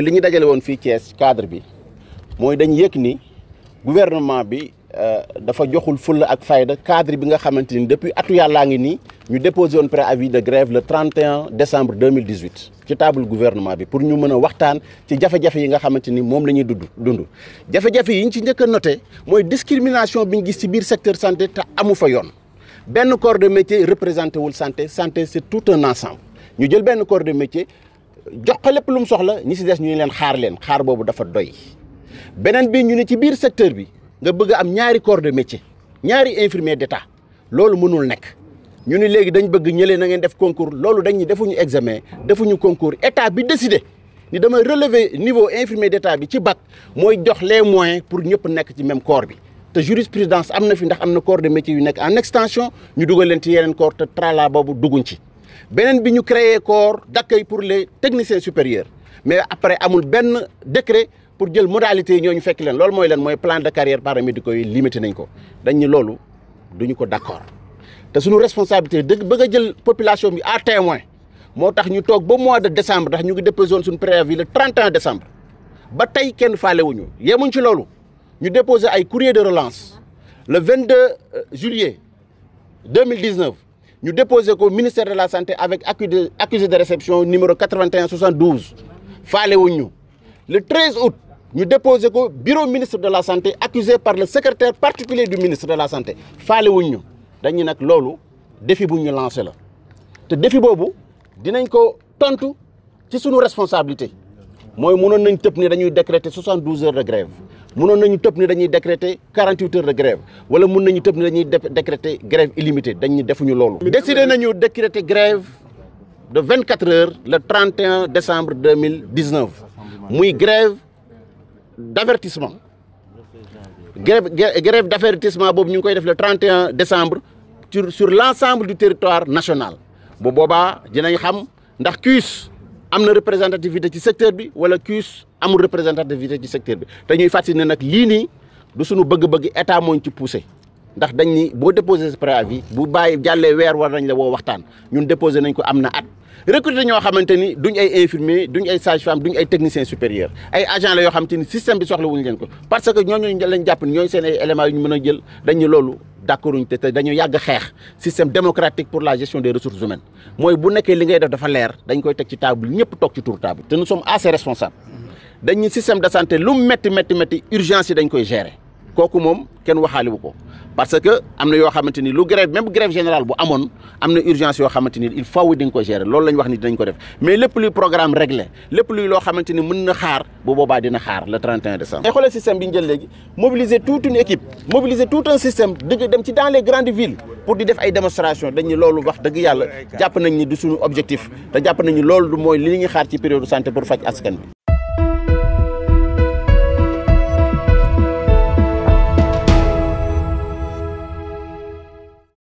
li cadre bi dañ gouvernement bi euh, dafa joxul cadre bi depuis atu ngi déposé préavis de grève le 31 décembre 2018 ci table gouvernement bi pour ñu mëna waxtaan ci jafé jafé yi nga xamanteni mom lañuy dund noté discrimination bi secteur santé ta amu fa corps de métier représenté wul santé santé c'est tout un ensemble ñu jël ben corps de métier jox ko lépp soxla ñi ci dess ñu ne leen xaar leen xaar bobu dafa doy benen bi ñu ne ci biir secteur bi nga bëgg am ñaari corps de métier ñaari infirmier d'état loolu mënul nek ñu ni légui dañ bëgg ñëlé na ngeen def concours loolu dañ ñu defuñu examen defuñu concours état bi décidé ni dama relever niveau infirmier d'état bi ci bac moy jox les moyens pour ñëpp nek ci même corps bi te jurisprudence amna fi ndax amna corps de métier yu nek en extension ñu dugal leen ci yeneen corps te trala bobu dugguñ ci nous avons créé un corps d'accueil pour les techniciens supérieurs mais après amul un décret pour jël modalité yi fekk len nous moy un plan de carrière paramédicaux yi limité nañ ko dañ ñu loolu duñu ko d'accord té suñu responsabilité nous bëgg a jël population bi à témoin nous ñu tok ba mois de décembre tax ñu ngi déposé suñu préavis le 31 décembre ba tay kenn wuñu yémuñ ci loolu ñu déposé ay courrier de relance le 22 euh, juillet 2019 nous déposons le ministère de la santé avec accusé de réception numéro 8172. 72 le 13 août nous déposons le bureau ministre de la santé accusé par le secrétaire particulier du ministre de la santé faale wuñ le lolo défi bu lancé défi nous dinañ ko tontu ci responsabilité nous avons nañ 72 décréter heures de grève Nous nañu décrété ni décréter heures de grève wala avons nañu tepp ni grève illimitée Nous defuñu décidé nañu décréter grève de 24 heures le 31 décembre 2019. mille grève d'avertissement. grève d'avertissement le 31 décembre sur l'ensemble du territoire national bu dinañ xam ndax am na représentativité ci secteur bi wala CUS amul représentativité ci secteur bi te ñuy fàttali ne nag lii nii du suñu bëgg-bëgg état mooñ ci poussé ndax dañ ni boo déposé sa préavis bu bàyyi jàllee weer war nañ la woo waxtaan ñun déposé nañ ko am na at recruter ñoo xamante ni duñ ay infirmier duñ ay sage-femme duñ ay technicien supérieur ay agent la yoo xamante ni système bi soxlawuñu leen ko parce que ñooñu lañ jàpp ni ñooy seen ay éléments yu ñu mën a jël dañu loolu d'accorduñ te dañu yàgg xeex système démocratique pour la gestion des ressources humaines mooy bu nekkee li ngay def dafa leer dañ koy teg ci table ñëpp toog ci tour table te nous sommes assez responsables dañu système de santé lu metti metti metti urgence yi dañ koy gérer kooku moom kenn waxaaliwu ko parce que amna yo xamanteni lu grève même grève générale bu amone amna urgence yo xamanteni il faut di nga ko gérer loolu lañ wax ni dañ ko def mais lepp luy programme réglé lepp luy lo xamanteni mën na xaar bu boba dina xaar le 31 décembre. mais xolé système bi jël mobiliser toute une équipe mobiliser tout un système dëgg dem ci dans les grandes villes pour di def ay démonstration ni loolu wax dëgg yalla japp nañ ni du suñu objectif da japp nañ ni loolu du mooy li ñi xaar ci période santé pour fajj askan